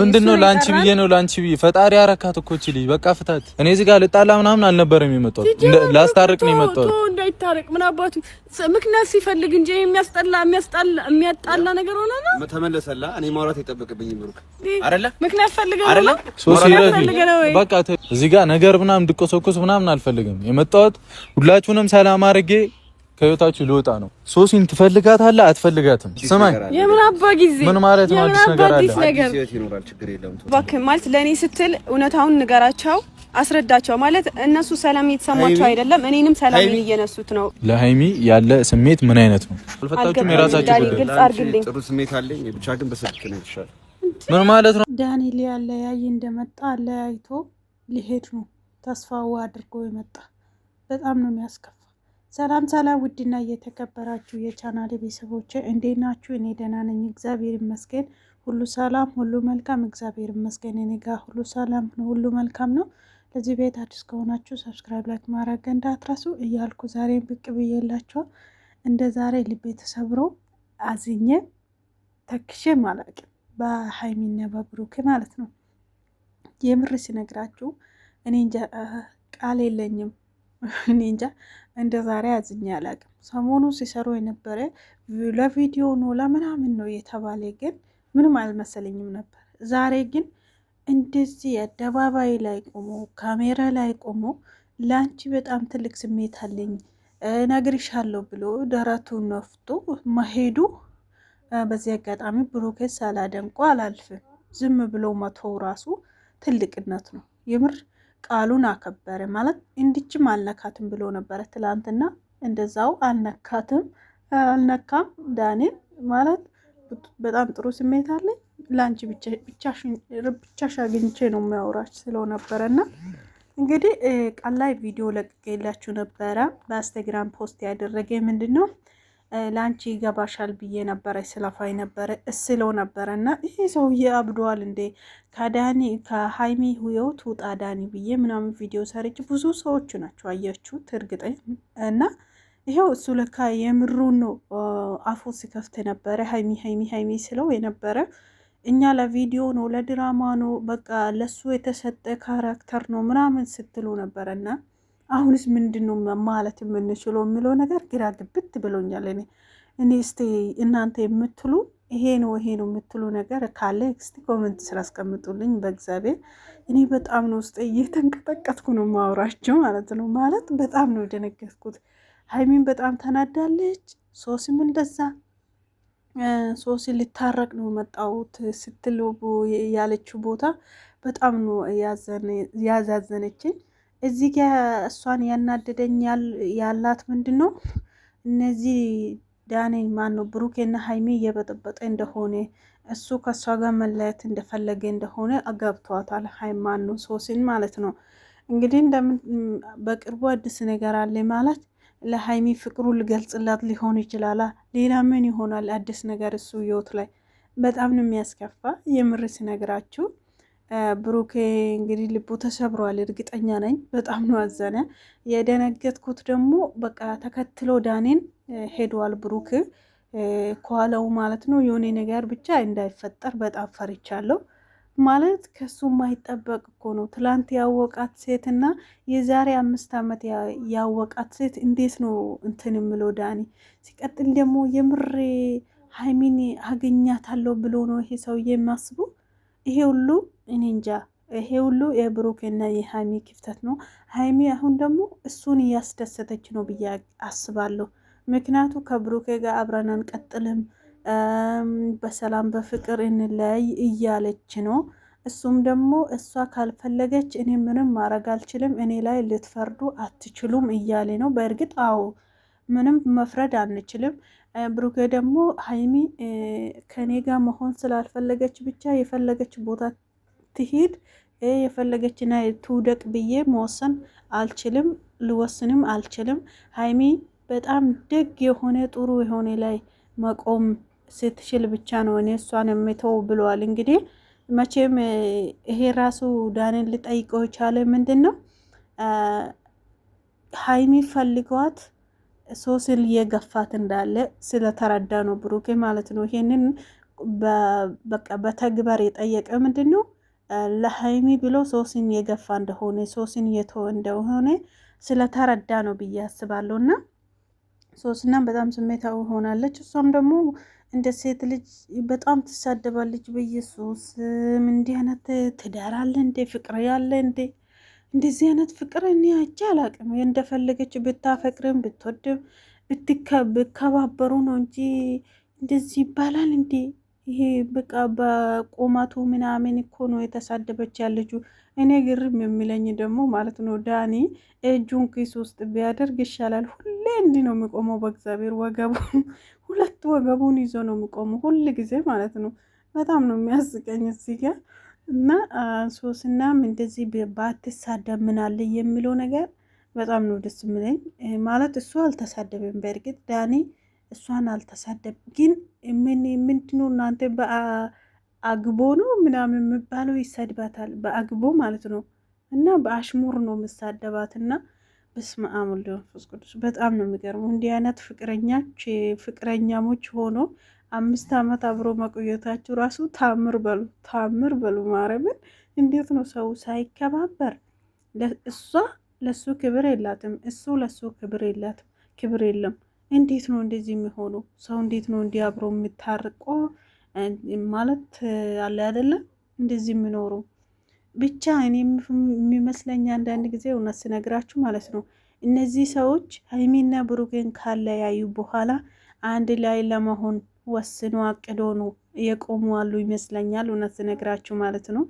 ምንድን ነው ላንቺ ብዬ ነው ላንቺ ብዬ ፈጣሪ አረካት እኮ እቺ ልጅ በቃ ፍታት። እኔ እዚህ ጋር ልጣላ ምናምን አልነበረም የመጣሁት፣ ላስታርቅ ነው የመጣሁት። እንዳይታረቅ ምን አባቱ ምክንያት ሲፈልግ እንጂ የሚያስጠላ የሚያስጠላ የሚያጣላ ነገር ሆነ ነው ተመለሰላ። እኔ ማውራት የጠበቅብኝ ብሩክ አይደለ፣ ምክንያት ፈልገህ አይደለ። ሶሲ በቃ እዚህ ጋር ነገር ምናምን ድቆሰኩስ ምናምን አልፈልግም። የመጣሁት ሁላችሁንም ሰላም አድርጌ ከህይወታችሁ ልወጣ ነው። ሶሲን ትፈልጋታለህ አትፈልጋትም? ስማኝ፣ የምን አባ ጊዜ ምን ማለት ነው? አዲስ ነገር አለ ማለት ለእኔ ስትል እውነታውን ንገራቸው፣ አስረዳቸው። ማለት እነሱ ሰላም እየተሰማቸው አይደለም፣ እኔንም ሰላም እየነሱት ነው። ለሀይሚ ያለ ስሜት ምን አይነት ነው? አልፈታችሁም? የራሳችሁ ጉዳይ። ጥሩ ስሜት አለኝ ብቻ ግን በስልክ ነው ይሻል። ምን ማለት ነው? ዳንኤል ያለያይ እንደመጣ ለያይቶ ሊሄድ ነው። ተስፋው አድርጎ ይመጣ። በጣም ነው የሚያስከፋ ሰላም ሰላም፣ ውድና እየተከበራችሁ የቻናል ቤተሰቦች እንዴት ናችሁ? እኔ ደህና ነኝ፣ እግዚአብሔር ይመስገን። ሁሉ ሰላም፣ ሁሉ መልካም፣ እግዚአብሔር ይመስገን። እኔ ጋር ሁሉ ሰላም ነው፣ ሁሉ መልካም ነው። ለዚህ ቤት አዲስ ከሆናችሁ ሰብስክራይብ፣ ላይክ ማድረግ እንዳትረሱ እያልኩ ዛሬን ብቅ ብዬላችኋል። እንደ ዛሬ ልቤ ተሰብሮ አዝኜ ተክሼ አላቅም፣ በሀይሚና በብሩክ ማለት ነው። የምር ሲነግራችሁ እኔ ቃል የለኝም እኔ እንጃ እንደ ዛሬ አዝኜ አላቅም። ሰሞኑ ሲሰሩ የነበረ ለቪዲዮ ነው ለምናምን ነው የተባለ ግን ምንም አልመሰለኝም ነበር። ዛሬ ግን እንደዚህ አደባባይ ላይ ቆሞ ካሜራ ላይ ቆሞ ለአንቺ በጣም ትልቅ ስሜት አለኝ ነግርሻለሁ ብሎ ደረቱ ነፍቶ መሄዱ በዚህ አጋጣሚ ብሩኬን ሳላደንቆ አላልፍም። ዝም ብሎ መቶ ራሱ ትልቅነት ነው የምር ቃሉን አከበረ ማለት እንድችም አልነካትም ብሎ ነበረ ትላንትና። እንደዛው አልነካትም አልነካም ዳኔን ማለት በጣም ጥሩ ስሜት አለኝ ለአንቺ ብቻሽ አግኝቼ ነው የሚያወራች ስለው ነበረ እና እንግዲህ ቃል ላይ ቪዲዮ ለቅቄላችሁ ነበረ። በኢንስታግራም ፖስት ያደረገ ምንድን ነው ለአንቺ ይገባሻል ብዬ ነበረ ስለፋይ ነበረ እስለው ነበረ እና ይሄ ሰውዬ አብዷል እንዴ ከዳኒ ከሀይሚ ህይወት ውጣ ዳኒ ብዬ ምናምን ቪዲዮ ሰርች ብዙ ሰዎች ናቸው አያችሁት እርግጠኝ እና ይሄው እሱ ለካ የምሩን አፉ ሲከፍት ነበረ ሀይሚ ሀይሚ ሀይሚ ስለው የነበረ እኛ ለቪዲዮ ነው ለድራማ ነው በቃ ለሱ የተሰጠ ካራክተር ነው ምናምን ስትሉ ነበረና አሁንስ ምንድን ነው ማለት የምንችለው የሚለው ነገር ግራ ግብት ብሎኛል። እኔ እኔ እስቲ እናንተ የምትሉ ይሄ ነው ይሄ ነው የምትሉ ነገር ካለ እስቲ ኮመንት ስራ አስቀምጡልኝ። በእግዚአብሔር እኔ በጣም ነው ውስጥ እየተንቀጠቀጥኩ ነው ማውራቸው ማለት ነው። ማለት በጣም ነው የደነገጥኩት። ሀይሚን በጣም ተናዳለች። ሶሲም እንደዛ ሶሲ ልታረቅ ነው መጣውት ስትል ያለችው ቦታ በጣም ነው ያዛዘነችኝ። እዚህ ጋ እሷን ያናደደኝ ያላት ምንድን ነው እነዚህ ዳኔ ማን ነው ብሩኬና ሀይሜ እየበጠበጠ እንደሆነ እሱ ከእሷ ጋር መለያየት እንደፈለገ እንደሆነ አጋብተዋታል። ሀይማን ነው ሶሲን ማለት ነው። እንግዲህ በቅርቡ አዲስ ነገር አለ ማለት ለሀይሚ ፍቅሩ ልገልጽላት ሊሆን ይችላላ። ሌላ ምን ይሆናል አዲስ ነገር እሱ ህይወት ላይ በጣም ነው የሚያስከፋ የምር ስነግራችሁ ብሩኬ እንግዲህ ልቡ ተሰብሯል፣ እርግጠኛ ነኝ። በጣም ነው አዘነ። የደነገጥኩት ደግሞ በቃ ተከትሎ ዳኔን ሄዷል ብሩክ ከኋላው ማለት ነው። የሆነ ነገር ብቻ እንዳይፈጠር በጣም ፈርቻለሁ። ማለት ከሱ የማይጠበቅ እኮ ነው። ትላንት ያወቃት ሴት እና የዛሬ አምስት ዓመት ያወቃት ሴት እንዴት ነው እንትን የምለው ዳኒ። ሲቀጥል ደግሞ የምሬ ሀይሚን አገኛታለሁ ብሎ ነው ይሄ ሰውዬ የሚያስቡ ይሄ ሁሉ እኔ እንጃ ይሄ ሁሉ የብሩክና የሀይሚ ክፍተት ነው። ሃይሚ አሁን ደግሞ እሱን እያስደሰተች ነው ብዬ አስባለሁ። ምክንያቱ ከብሩኬ ጋር አብረን አንቀጥልም፣ በሰላም በፍቅር እንለያይ እያለች ነው። እሱም ደግሞ እሷ ካልፈለገች እኔ ምንም ማድረግ አልችልም፣ እኔ ላይ ልትፈርዱ አትችሉም እያለ ነው። በእርግጥ አዎ ምንም መፍረድ አንችልም። ብሩኬ ደግሞ ሀይሚ ከኔ ጋር መሆን ስላልፈለገች ብቻ የፈለገች ቦታ ትሂድ የፈለገችና ትውደቅ ብዬ መወሰን አልችልም፣ ልወስንም አልችልም። ሀይሚ በጣም ደግ የሆነ ጥሩ የሆነ ላይ መቆም ስትችል ብቻ ነው እኔ እሷን የምተው ብለዋል። እንግዲህ መቼም ይሄ ራሱ ዳንን ልጠይቀው የቻለ ምንድን ነው ሀይሚ ፈልገዋት ሶስል እየገፋት እንዳለ ስለተረዳ ነው ብሩኬ ማለት ነው። ይሄንን በቃ በተግባር የጠየቀ ምንድን ነው ለሀይሚ ብሎ ሶስን የገፋ እንደሆነ ሶስን የቶ እንደሆነ ስለተረዳ ነው ብዬ አስባለሁ። እና ሶስና በጣም ስሜታዊ ሆናለች። እሷም ደግሞ እንደ ሴት ልጅ በጣም ትሳደባለች። በኢየሱስ እንዲህ አይነት ትዳር አለ እንዴ? ፍቅር ያለ እንዴ? እንደዚህ አይነት ፍቅር እኔ አይቼ አላቅም። እንደፈለገች ብታፈቅርም ብትወድም ብትከባበሩ ነው እንጂ እንደዚህ ይባላል እንዴ? ይሄ በቃ በቁመቱ ምናምን እኮ ነው የተሳደበች ያለችው። እኔ ግርም የሚለኝ ደግሞ ማለት ነው ዳኒ እጁን ኪስ ውስጥ ቢያደርግ ይሻላል። ሁሌ እንዲ ነው የሚቆመው። በእግዚአብሔር ወገቡ ሁለት ወገቡን ይዞ ነው የሚቆመው ሁል ጊዜ ማለት ነው። በጣም ነው የሚያስቀኝ እዚህ ጋር እና ሶስናም እንደዚህ ባትሳደብ ምናለ የሚለው ነገር በጣም ነው ደስ የሚለኝ። ማለት እሱ አልተሳደብም፣ በእርግጥ ዳኒ እሷን አልተሳደብ። ግን ምን ምንድነው እናንተ በአግቦ ነው ምናምን የሚባለው ይሰድባታል፣ በአግቦ ማለት ነው። እና በአሽሙር ነው የምሳደባት እና በስመ አብ ወወልድ ወመንፈስ ቅዱስ በጣም ነው የሚገርመው። እንዲህ አይነት ፍቅረኛች ፍቅረኛሞች ሆኖ አምስት ዓመት አብሮ መቆየታችሁ ራሱ ታምር በሉ ታምር በሉ። ማረምን እንዴት ነው ሰው ሳይከባበር? እሷ ለሱ ክብር የላትም፣ እሱ ለሱ ክብር የላትም፣ ክብር የለም። እንዴት ነው እንደዚህ የሚሆኑ ሰው? እንዴት ነው እንዲህ አብሮ የሚታርቆ ማለት አለ አይደለም እንደዚህ የሚኖሩ ብቻ። እኔ የሚመስለኝ አንዳንድ ጊዜ እውነት ስነግራችሁ ማለት ነው እነዚህ ሰዎች ሀይሚና ብሩኬን ካለያዩ በኋላ አንድ ላይ ለመሆን ወስኖ አቅዶ ነው የቆሙ አሉ ይመስለኛል። እውነት ነግራችሁ ማለት ነው።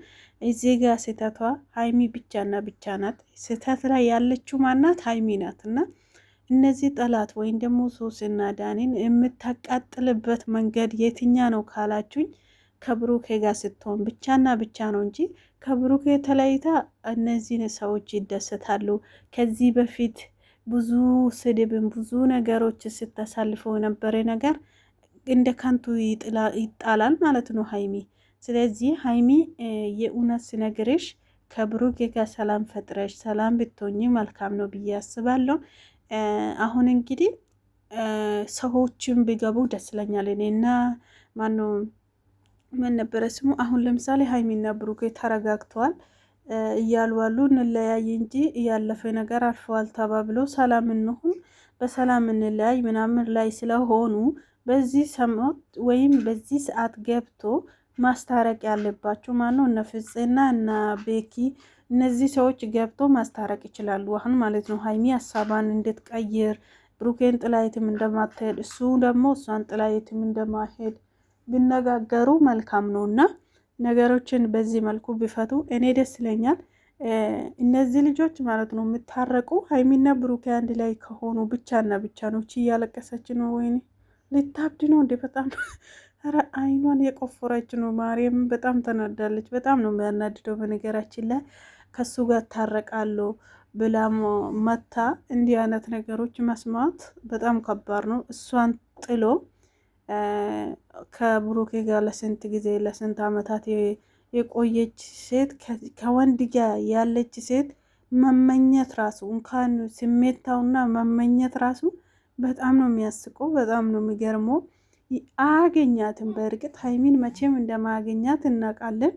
እዚህ ጋር ስህተቷ ሀይሚ ብቻና ብቻ ናት። ስህተት ላይ ያለችው ማናት? ሀይሚ ናት እና እነዚህ ጠላት ወይም ደግሞ ሶስና ዳኒን የምታቃጥልበት መንገድ የትኛ ነው ካላችሁኝ፣ ከብሩኬ ጋር ስትሆን ብቻና ብቻ ነው እንጂ ከብሩኬ ተለይታ እነዚህን ሰዎች ይደሰታሉ። ከዚህ በፊት ብዙ ስድብን ብዙ ነገሮች ስታሳልፈው የነበረ ነገር እንደ ከንቱ ይጣላል ማለት ነው ሀይሚ። ስለዚህ ሀይሚ የእውነት ስነግርሽ ከብሩኬ ጋር ሰላም ፈጥረሽ ሰላም ብትሆኝ መልካም ነው ብዬ አስባለሁ። አሁን እንግዲህ ሰዎችን ቢገቡ ደስ ይለኛል። እኔና ማነው ምን ነበረ ስሙ? አሁን ለምሳሌ ሀይሚና ብሩኬ ተረጋግተዋል እያሉ አሉ። እንለያይ እንጂ እያለፈ ነገር አልፈዋል ተባብሎ ሰላም እንሁን በሰላም እንለያይ ምናምን ላይ ስለሆኑ በዚህ ሰሞት ወይም በዚህ ሰዓት ገብቶ ማስታረቅ ያለባቸው ማነው? እነ ፍጽና እና ቤኪ እነዚህ ሰዎች ገብቶ ማስታረቅ ይችላሉ። አሁን ማለት ነው ሀይሚ ሀሳባን እንድትቀይር ብሩኬን ጥላየትም እንደማትሄድ እሱ ደግሞ እሷን ጥላየትም እንደማሄድ ቢነጋገሩ መልካም ነው እና ነገሮችን በዚህ መልኩ ቢፈቱ እኔ ደስ ይለኛል። እነዚህ ልጆች ማለት ነው የምታረቁ ሀይሚና ብሩኬ አንድ ላይ ከሆኑ ብቻና ብቻ ነው። እቺ እያለቀሰች ነው ወይኔ ልታብድ ነው እንዴ? በጣም ኧረ አይኗን የቆፈረች ነው። ማርያም በጣም ተናዳለች። በጣም ነው የሚያናድደው። በነገራችን ላይ ከሱ ጋር ታረቃለሁ ብላ መታ። እንዲህ አይነት ነገሮች መስማት በጣም ከባድ ነው። እሷን ጥሎ ከብሩኬ ጋር ለስንት ጊዜ ለስንት ዓመታት የቆየች ሴት ከወንድ ጋር ያለች ሴት መመኘት ራሱ እንኳን ስሜታውና መመኘት ራሱ በጣም ነው የሚያስቆ፣ በጣም ነው የሚገርመው። አያገኛትም። በእርግጥ ሀይሚን መቼም እንደማያገኛት እናውቃለን።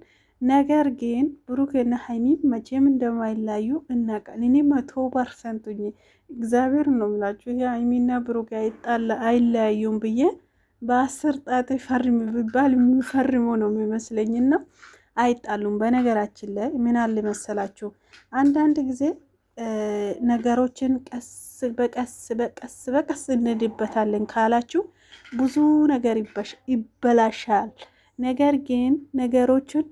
ነገር ግን ብሩክና ሀይሚን መቼም እንደማይለያዩ እናውቃለን። እኔ መቶ ፐርሰንት ሁኜ እግዚአብሔር ነው የምላችሁ ይሄ ሀይሚና ብሩክ አይጣላ አይለያዩም ብዬ በአስር ጣት ፈርም ቢባል የሚፈርሞ ነው የሚመስለኝና አይጣሉም። በነገራችን ላይ ምን አለ መሰላችሁ አንዳንድ ጊዜ ነገሮችን ቀስ በቀስ በቀስ በቀስ እንድበታለን ካላችሁ ብዙ ነገር ይበላሻል። ነገር ግን ነገሮችን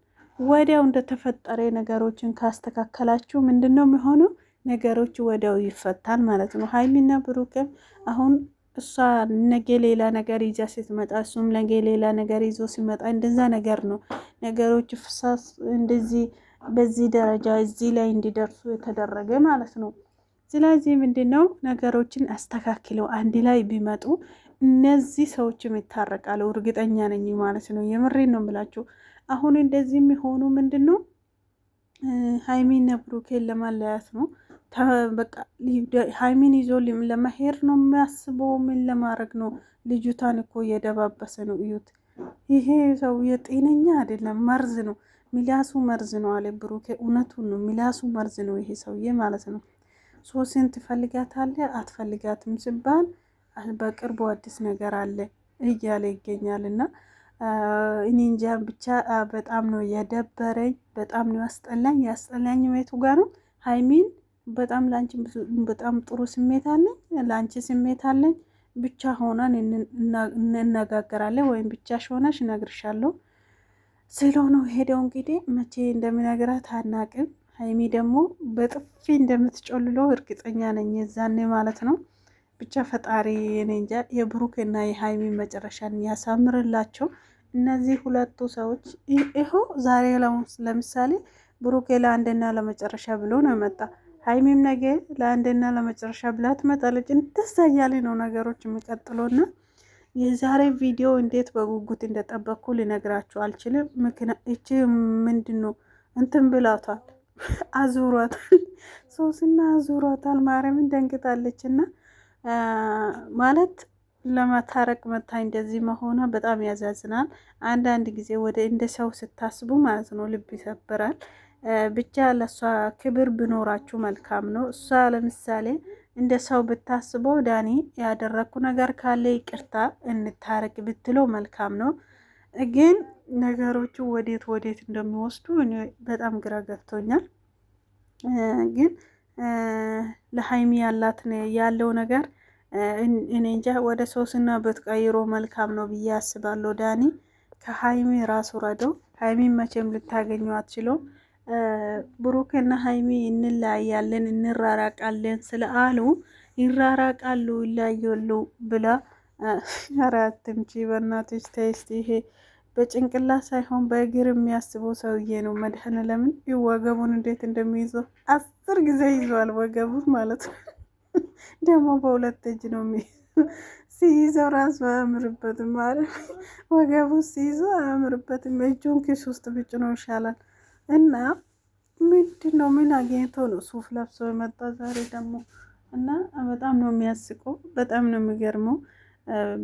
ወዲያው እንደተፈጠረ ነገሮችን ካስተካከላችሁ ምንድን ነው የሚሆነው? ነገሮች ወዲያው ይፈታል ማለት ነው። ሀይሚና ብሩክም አሁን እሷ ነገ ሌላ ነገር ይዛ ስትመጣ እሱም ነገ ሌላ ነገር ይዞ ሲመጣ እንደዛ ነገር ነው ነገሮች ፍሳስ እንደዚህ በዚህ ደረጃ እዚህ ላይ እንዲደርሱ የተደረገ ማለት ነው። ስለዚህ ምንድን ነው ነገሮችን አስተካክለው አንድ ላይ ቢመጡ እነዚህ ሰዎችም ይታረቃሉ፣ እርግጠኛ ነኝ ማለት ነው። የምሬን ነው የምላችሁ። አሁን እንደዚህ የሚሆኑ ምንድን ነው ሀይሚን ብሩኬን ለማለያት ነው። ሀይሚን ይዞ ለመሄድ ነው የሚያስበው። ምን ለማድረግ ነው? ልጅቷን እኮ እየደባበሰ ነው። እዩት። ይሄ ሰውዬ ጤነኛ አይደለም፣ መርዝ ነው። ሚላሱ መርዝ ነው አለ ብሩኬ። እውነቱን ነው፣ ሚላሱ መርዝ ነው ይሄ ሰውዬ ማለት ነው። ሶስን ትፈልጋታለህ አትፈልጋትም ሲባል በቅርቡ አዲስ ነገር አለ እያለ ይገኛል። እና እኔ እንጃ ብቻ በጣም ነው የደበረኝ፣ በጣም ነው ያስጠላኝ። ያስጠላኝ ቤቱ ጋር ነው። ሀይሚን በጣም ለአንቺ በጣም ጥሩ ስሜት አለኝ፣ ለአንቺ ስሜት አለኝ ብቻ ሆነን እንነጋገራለን ወይም ብቻሽ ሆነሽ እነግርሻለሁ ስለው ሄደው። እንግዲህ መቼ እንደሚነግራት አናቅም። ሀይሚ ደግሞ በጥፊ እንደምትጮልሎ እርግጠኛ ነኝ የዛኔ ማለት ነው። ብቻ ፈጣሪ እኔ እንጃ የብሩክና የሀይሚ መጨረሻን ያሳምርላቸው። እነዚህ ሁለቱ ሰዎች ይኸው ዛሬ ለምሳሌ ብሩክ ለአንድና ለመጨረሻ ብሎ ነው የመጣ ሀይሚም ነገ ለአንድና ለመጨረሻ ብላ ትመጣለች። እንደዛ እያለ ነው ነገሮች የሚቀጥለውና የዛሬ ቪዲዮ እንዴት በጉጉት እንደጠበቅኩ ልነግራችሁ አልችልም። እቺ ምንድን ነው እንትን ብላቷል፣ አዙሯታል፣ ሶስና አዙሯታል። ማርያምን ደንግጣለች እና ማለት ለመታረቅ መታ እንደዚህ መሆኗ በጣም ያዛዝናል። አንዳንድ ጊዜ ወደ እንደ ሰው ስታስቡ ማለት ነው ልብ ይሰብራል። ብቻ ለእሷ ክብር ብኖራችሁ መልካም ነው። እሷ ለምሳሌ እንደ ሰው ብታስበው ዳኒ ያደረግኩ ነገር ካለ ይቅርታ እንታረቅ ብትለው መልካም ነው። ግን ነገሮቹ ወዴት ወዴት እንደሚወስዱ እኔ በጣም ግራ ገብቶኛል። ግን ለሀይሚ ያላት ያለው ነገር እኔ እንጃ ወደ ሶስና ብትቀይሮ መልካም ነው ብዬ አስባለሁ። ዳኒ ከሀይሚ ራሱ ረደው። ሀይሚን መቼም ልታገኙ አትችለው ብሩክና ሀይሚ እንለያያለን እንራራቃለን ስለአሉ ይራራቃሉ ይለያያሉ ብላ ኧረ አትምጪ በእናትሽ ተይ ይሄ በጭንቅላት ሳይሆን በእግር የሚያስበው ሰውዬ ነው። መድህን ለምን ወገቡን እንዴት እንደሚይዘው አስር ጊዜ ይዘዋል። ወገቡን ማለት ነው። ደግሞ በሁለት እጅ ነው ሲይዘው ራሱ አያምርበትም። ወገቡ ሲይዘው አያምርበትም። እጁን ኪስ ውስጥ ብጭ ነው ይሻላል። እና ምንድን ነው ምን አግኝቶ ነው ሱፍ ለብሶ የመጣ ዛሬ ደግሞ? እና በጣም ነው የሚያስቀው፣ በጣም ነው የሚገርመው።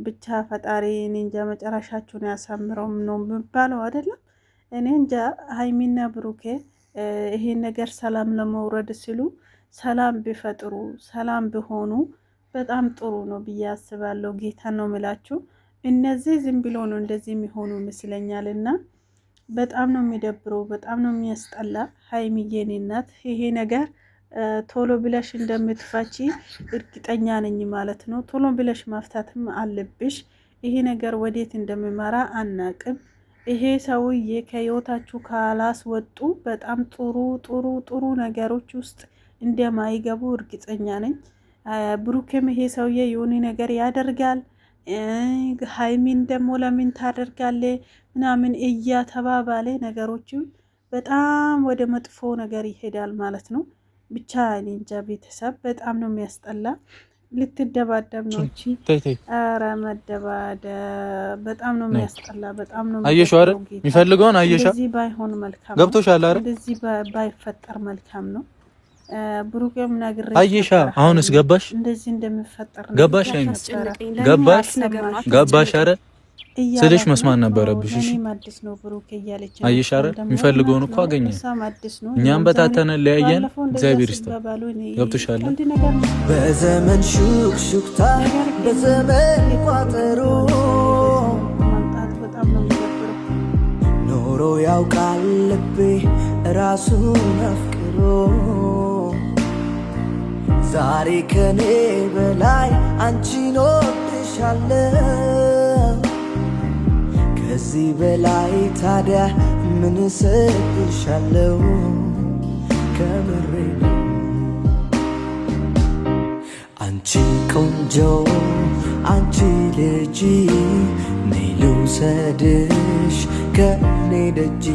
ብቻ ፈጣሪ እኔ እንጃ መጨረሻችሁን ያሳምረው ነው የሚባለው አይደለም። እኔ እንጃ ሀይሚና ብሩኬ ይሄን ነገር ሰላም ለመውረድ ሲሉ ሰላም ቢፈጥሩ ሰላም ቢሆኑ በጣም ጥሩ ነው ብዬ አስባለሁ። ጌታ ነው ምላችሁ እነዚህ ዝም ብሎ ነው እንደዚህ የሚሆኑ ይመስለኛል እና በጣም ነው የሚደብረው፣ በጣም ነው የሚያስጠላ። ሀይሚዬ ናት እናት ይሄ ነገር ቶሎ ብለሽ እንደምትፋቺ እርግጠኛ ነኝ ማለት ነው። ቶሎ ብለሽ ማፍታትም አለብሽ። ይሄ ነገር ወዴት እንደሚመራ አናቅም። ይሄ ሰውዬ ከህይወታችሁ ወጡ በጣም ጥሩ ጥሩ ጥሩ ነገሮች ውስጥ እንደማይገቡ እርግጠኛ ነኝ። ብሩክም ይሄ ሰውዬ የሆነ ነገር ያደርጋል ሀይሚን ደግሞ ለምን ታደርጋለ ምናምን እያተባባለ ነገሮችን በጣም ወደ መጥፎ ነገር ይሄዳል ማለት ነው። ብቻ እኔ እንጃ ቤተሰብ በጣም ነው የሚያስጠላ። ልትደባደብ ነው እቺ። ኧረ መደባደብ በጣም ነው የሚያስጠላ። በጣም ነው አየሽ አይደል? የሚፈልገውን አየሽ። እዚህ ባይሆን መልካም ነው። ገብቶሻል አይደል? እዚህ ባይፈጠር መልካም ነው። ብሩኬም ነግሬ አየሻ አሁንስ ገባሽ? እንደዚህ እንደምፈጠር ገባሽ? አይ ገባሽ ገባሽ አረ ስልሽ መስማት ነበረብሽ። እሺ አየሽ አረ የሚፈልገውን እኮ አገኘ። እኛም በታተነ ለያየን። እግዚአብሔር ይስጥ ገብቶሻል። በዘመን ሹክሹክታ በዘመን ቋጠሮ ኖሮ ያውቃል ልቤ ራሱን አፍቅሮ ዛሬ ከኔ በላይ አንቺን ወድሻለሁ። ከዚህ በላይ ታዲያ ምን እሰጥሻለሁ? ከምሬ አንቺ ቆንጆ አንቺ ልጅ ነይ ልውሰድሽ ከኔ ደጅ